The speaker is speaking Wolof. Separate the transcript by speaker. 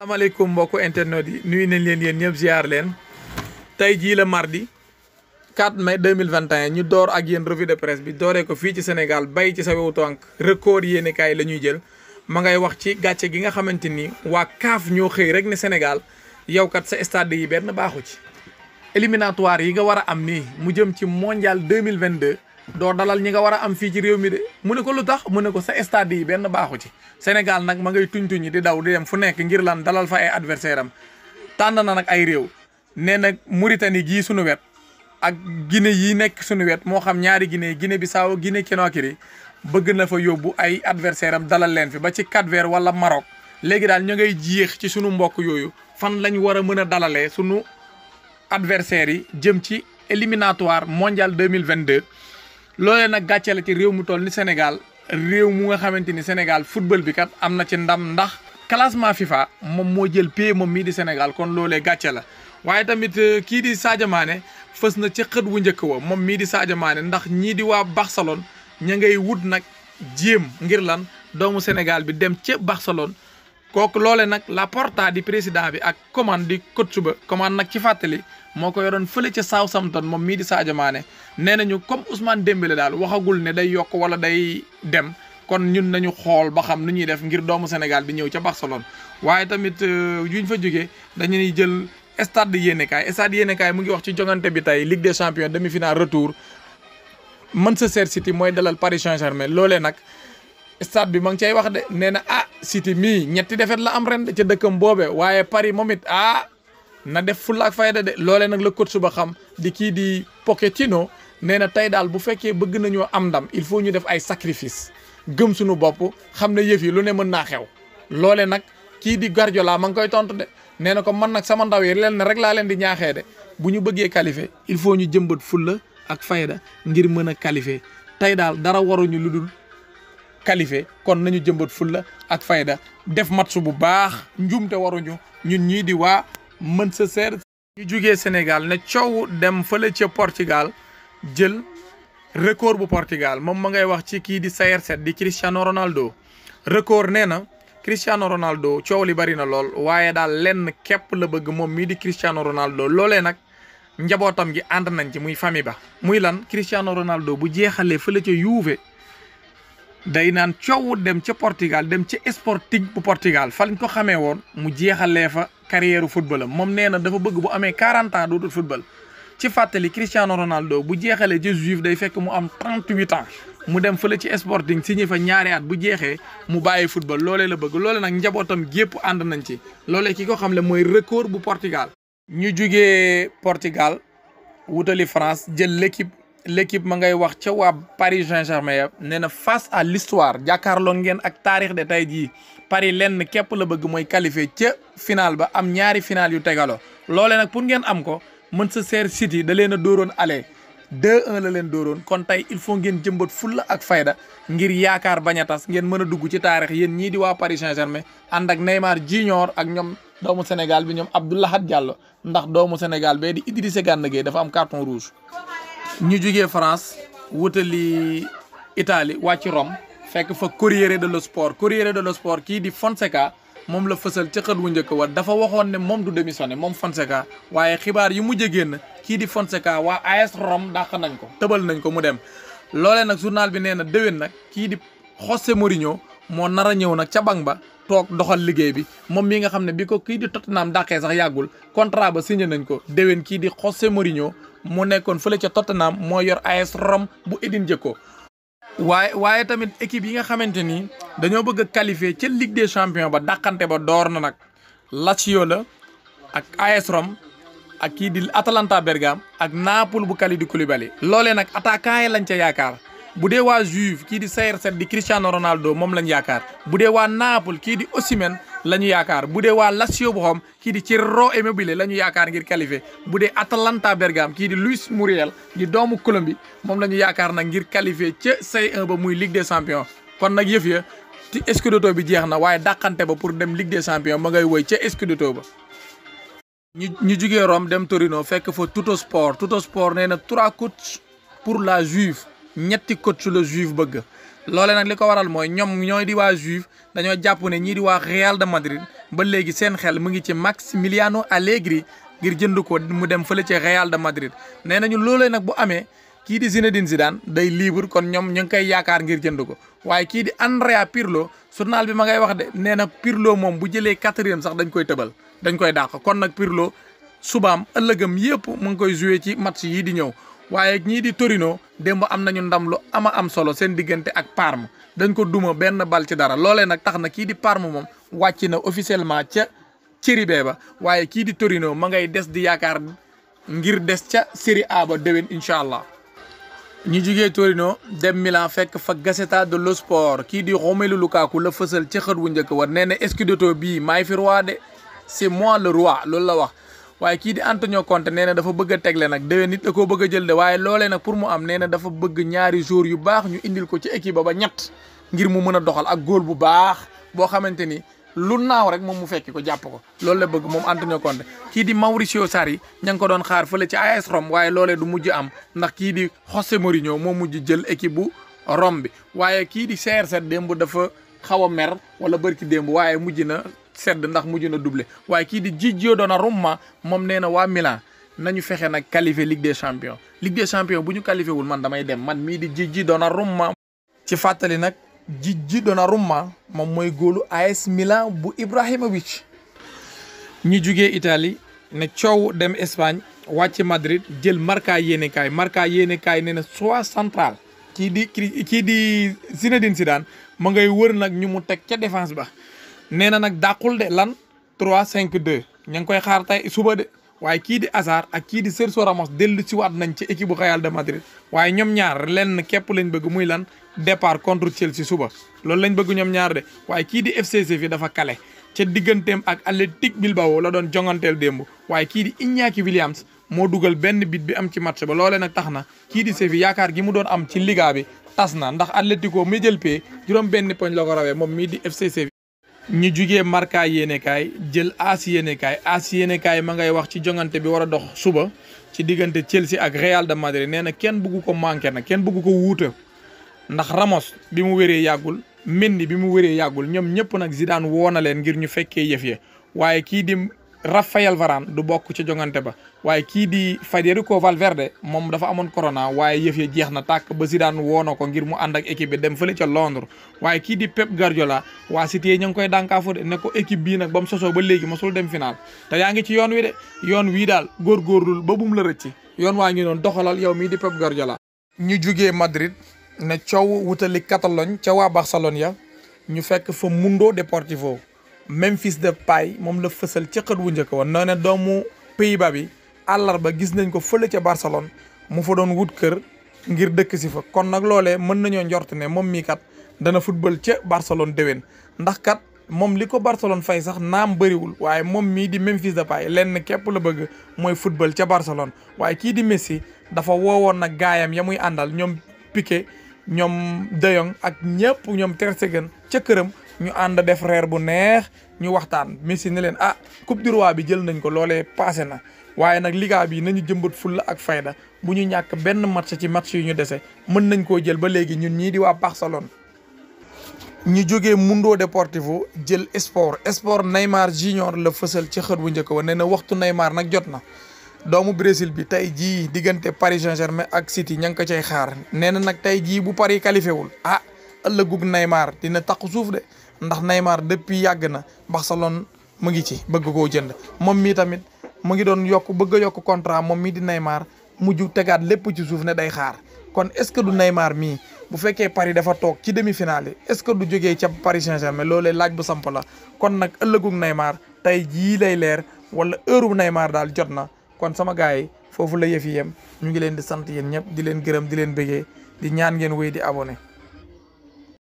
Speaker 1: asalaamaaleykum mbokku internet yi nuyu nañ leen yéen ñëpp ziar leen tey jii la mardi 4 mai 2021 ñu door ak yéen revue de presse bi dooree ko fii ci Sénégal bay ci sa wewu tànk record yéeni kaay la ñuy jël ma ngay wax ci gàcce gi nga xamante ni waa CAF ñoo xëy rek ne Sénégal yow kat sa stade yi benn baaxu ci éliminatoire yi nga war a am nii mu jëm ci mondial 2022 doo dalal ñi nga war a am fii ci réew mi de mu ne ko lu tax mu ne ko sa stade yi benn baaxu ci Sénégal nag ma ngay tuñ-tuñi di daw di dem fu nekk ngir lan dalal fa ay adversaire am tànn na nag ay réew nee na Mauritanie gii suñu wet ak gine yi nekk suñu wet moo xam ñaari gine Guinée Guinée Bissau Guinée Conakry bëgg na fa yóbbu ay adversaire am dalal leen fi ba ci Cap-Vert wala Maroc léegi daal ñu ngay jéex ci sunu mbokk yooyu fan lañ war a mën a dalalee sunu adversaires yi jëm ci éliminatoire mondial 2022 loolee nag gàcce la ci réew mu toll ni Sénégal réew mu nga xamante ni Sénégal football bi kat am na ci ndam ndax classement FIFA moom moo jël pay moom mii di Sénégal kon loole gàcce la waaye tamit euh, kii di Sadio fës na ci xët wu njëkk wa moom mii di Sadio ndax ñii di waa Barcelone ña ngay wut nag jéem ngir lan doomu Sénégal bi dem ca Barcelone kooku loole nag la Laporta di président bi ak commande di coach ba commande nag ci fàttali moo ko yoroon fële ca Southampton moom mii di Sadio Mané nee nañu comme Ousmane Dembélé daal waxagul ne day yokk wala day dem kon ñun nañu xool ba xam nu ñuy def ngir doomu Sénégal bi ñëw ca Barcelone. waaye tamit euh, yuñ fa jógee dañuy jël stade yéenekaay stade yéenekaay mu ngi wax ci jongante bi tey Ligue des champions demi-finale retour Manchester City mooy dalal Paris Saint-Germain loolee nag. stade bi ma ngi cay wax de nee na ah City mii ñetti defet la am ren de ca dëkkam boobe waaye Paris moom it ah na def fulla ak fayda de loolee nag la coach suba xam di kii di Pochettino nee na tey daal bu fekkee bëgg nañoo am ndam il faut ñu def ay sacrifice gëm suñu bopp xam ne yëf yi lu ne mën naa xew loole nag kii di Guardiola ma ngi koy tontu de nee na ko man nag sama ndaw yi leen rek laa leen di ñaaxee de bu ñu bëggee qualifié il faut ñu jëmbat fulla ak fayda ngir mën a qualifié tey daal dara waruñu lu dul qualifié kon nañu jëmbat fulla ak fayda def match bu baax njuumte waruñu ñun ñii di waa mën Manchester ñu jugee Sénégal ne coow dem fële ca Portugal jël record bu Portugal moom ma ngay wax ci kii di CR7 di Cristiano Ronaldo record nee na Cristiano Ronaldo coow li bari na lool waaye daal lenn képp la bëgg moom mii di Cristiano Ronaldo loolee nag njabootam gi ànd nañ ci muy famille ba muy lan Cristiano Ronaldo bu jeexalee fële ca Juve day naan coow dem ca Portugal dem ci Sporting bu Portugal fa lañ ko xamee woon mu jeexalee fa carrière football moom nee na dafa bëgg bu amee 40 ans dootul football ci fàttali Cristiano Ronaldo bu jeexalee ca Juve day fekk mu am 38 ans mu dem fële ci Sporting signé fa ñaari at bu jeexee mu bàyyi football loolee la bëgg loole nag njabootam gépp ànd nañ ci loolee ki ko xam ne mooy record bu Portugal. ñu jugee Portugal wutali France jël l'équipe l'équipe ma ngay wax ca waa Paris Saint-Germain nee na face à l'histoire jàkkaarloo ngeen ak taarix de tey jii Paris lenn képp la bëgg mooy qualifié ca final ba am ñaari final yu tegaloo loole nag pour ngeen am ko mën sa Manchester City da leen a dóoroon aller 2-1 la leen dóoroon kon tey il faut ngeen jëmbat fulla ak fayda ngir yaakaar bañ a tas ngeen mën a dugg ci taarix yéen ñii di waa Paris Saint-Germain ànd ak Neymar Junior ak ñoom doomu Sénégal bi ñoom Abdoulaye Diallo ndax doomu Sénégal bee di Idrissa Gana Gueye dafa am carton rouge ñu jugee France wutali Italie wàcc Rome fekk fa Corriere dello Sport de dello Sport kii di Fonseca moom la fësal ci xët wu njëkk wa dafa waxoon ne moom du démissionné moom Fonseca waaye xibaar yu mujj génn kii di Fonseca waa AS Rome dàq nañ ko tëbal nañ ko mu dem. loolee nag journal bi nee na déwén nag kii di José Mourinho moo nar a ñëw nag ca bang ba toog doxal liggéey bi moom mii nga xam ne bi ko kii di Tottenham dàqee sax yàggul contrat ba signé nañ ko déwén kii di José Mourinho. mu nekkoon fële ca Tottenham moo yor AS Rome bu Edin Dzeko waaye waaye tamit équipe yi nga xamante ni dañoo bëgg a qualifier ca Ligue des champions ba dàqante ba door na nag Lazio la ak AS Rome ak kii di Atalanta Bergame ak Naples bu Kalidou Koulibaly loolee nag attaquant yi lañ ca yaakaar bu dee waa Juve kii di CR7 di Cristiano Ronaldo moom lañ yaakaar bu dee waa Naples kii di osimen la ñu yaakaar bu dee waa Lazio Bochum kii di ci Ciro Immobile la ñu yaakaar ngir qualifié bu dee Atalanta Bergame kii di Luis Muriel di doomu Colombie moom la ñu yaakaar nag ngir qualifié ca c ba muy Ligue des Champions kon nag yëf ya ci scudetto bi jeex na waaye dàqante ba pour dem Ligue des Champions ma ngay woy ca scudetto ba ñu ñu jugee Rome dem Torino fekk fa Tuttosport Tuttosport nee na trois coachs pour la Juve ñetti coach la Juve bëgg loole nag li ko waral mooy ñoom ñoo di waa Juve dañoo jàpp ne ñii di waa Real de Madrid ba léegi seen xel mu ngi ci Maximiliano Allegri ngir jënd ko mu dem fële ci Real de Madrid nee nañu loolee nag bu amee kii di Zinedine Zidane day libre kon ñoom ñu ngi koy yaakaar ngir jënd ko waaye kii di Andrea Pirlo journal bi ma ngay wax de nee na Pirlo moom bu jëlee quatrième sax dañ koy tëbal dañ koy dàq kon nag Pirlo subaam ëllëgam yëpp mu ngi koy joué ci match yii di ñëw démb am nañu ndam lu ama am solo seen diggante ak Parme dañ ko duma benn bal ci dara loolee nag tax na kii di Parme moom wàcc na officiellement ca Serie ba waaye kii di Torino ma ngay des di yaakaar ngir des ca Serie A ba déwén incha allah. ñu jugee Torino dem Milan fekk fa Gazzetta dello Sport kii di Romelu Lukaku la fësal ca xët wu njëkk war nee na scudetto bii maay fi roi de c'est moi le roi loolu la wax. waaye kii di Antonio Conte nee na dafa bëgg tegle nag déwén nit da ko bëgg a jël de waaye loolee nag pour mu am nee dafa bëgg ñaari joueurs yu baax ñu indil ko ci équipe ba ba ñett ngir mu mën a doxal ak góor bu baax boo xamante ni lu naaw rek moom mu fekki ko jàpp ko loolu la bëgg moom Antonio Conte kii di Mauricio Sarri ña ngi ko doon xaar fële ci AS Rome waaye loole du mujj am ndax kii di José Mourinho moo mujj jël équipe bu Rome bi waaye kii di CR7 démb dafa xaw a mer wala bërki démb waaye mujj na sedd ndax mu mujj na duble waaye kii di Gigio Donnarumma moom nee na waa Milan ñu fexe nag qualifier Ligue des champions Ligue des champions bu ñu qualifié wul man damay dem man mii di Gigio Donnarumma ci fàttali nag Gigio Donnarumma moom moy góolu AS Milan bu Ibrahimovic ñi jugee Italie ne cow dem Espagne wàcc Madrid jël Marca yéenekaay Marca yéenekaay ne na soit central kii di kii di si Zidane ma ngay wër nag ñu mu teg ca défense ba nee na nag dàqul de lan 3 5 2 ña ngi koy xaar tey suba de waaye kii di Hazard ak kii di Sergio Ramos dellu si waat nañ ci équipe bu Real de Madrid waaye ñoom ñaar lenn képp leen bëgg muy lan depart contre Chelsea suba loolu lañ bëgg ñoom ñaar de waaye kii di FC Séville dafa kale ca digganteem ak Athletic Bilbao la doon jonganteel démb waaye kii di Iñaki Williams moo dugal benn bit bi am ci match ba loolee nag tax na kii di yaakaar gi mu doon am ci liga bi tas na ndax Atlético mi jël pee juróom benn poñ la ko rawee moom mii di FC ñu jugee Marca yéenekaay jël AS yéenekaay AS yéenekaay ma ngay wax ci jongante bi war a dox suba ci diggante Chelsea ak Real de Madrid nee na kenn bëggu ko manqué na kenn bëggu ko wuuta ndax Ramos bi mu wéree yàggul Mendy bi mu wéree yàggul ñoom ñëpp nag Zidane woo na leen ngir ñu fekkee yëf ya waaye kii di Rafael Varane du bokk ci jongante ba waaye kii di Federico Valverde moom dafa amoon corona waaye yëf ya jeex na tàkk ba Zidane woo na ko ngir mu ànd ak équipe bi dem fële ca Londres waaye kii di Pep Guardiola waa City ñu ngi koy dànkaafu de ne ko équipe bii nag ba mu sosoo ba léegi mosul dem final te yaa ngi ci yoon wi de yoon wii daal góorgóorlul ba bum la rëcc yoon waa ngi doon doxalal yow mii di Pep Guardiola. ñu jugee Madrid ne coow wutali Catalogne ca waa Barcelone ya ñu fekk fa Mundo Deportivo de Depay moom la fësal ca xët wu njëkk woon na ne doomu Pays-Bas bi àllarba gis nañ ko fële ca Barcelone mu fa doon wut kër ngir dëkk si fa kon nag loole mën nañoo njort ne moom mii kat dana football ca Barcelone déwén ndax kat moom li ko Barcelone fay sax naam bariwul waaye moom mii di Memphis Depay lenn képp la bëgg mooy football ca Barcelone waaye kii di Messi dafa woowoon nag gaayam ya muy àndal ñoom pike ñoom De ak ñëpp ñoom Ter ca këram ñu ànd def reer bu neex ñu waxtaan Messi ne leen ah coupe du roi bi jël nañ ko loolee passé na waaye nag liga bi nañu jëmbat fulla ak fayda bu ñu ñàkk benn match ci match yu ñu dese mën nañ koo jël ba léegi ñun ñii di waa Barcelone. ñu jógee Mundo Deportivo jël sport sport Neymar junior la fësal ci xët bu njëkk wa nee na waxtu Neymar nag jot na. doomu Brésil bi tey jii diggante Paris Saint-Germain ak City ña ngi ko cay xaar nee na nag tey jii bu Paris qualifié wul ah ëllëgug Neymar dina taq suuf ndax Neymar depuis yàgg na Barcelone mu ngi ci bëgg koo jënd moom mii tamit mu ngi doon yokk bëgg yokk contrat moom mii di Neymar mujj tegaat lépp ci suuf ne day xaar kon est-ce que du Neymar mii bu fekkee Paris dafa toog ci demi-finale yi est-ce que du jógee ca Paris Saint-Germain loole laaj bu samp la kon nag ëllëgu Neymar tey jii lay leer wala heure bu Neymar daal jot na kon sama gars yi foofu la yëf yi yem ñu ngi leen di sant yéen ñëpp di leen gërëm di leen bëggee di ñaan ngeen wéy di abonné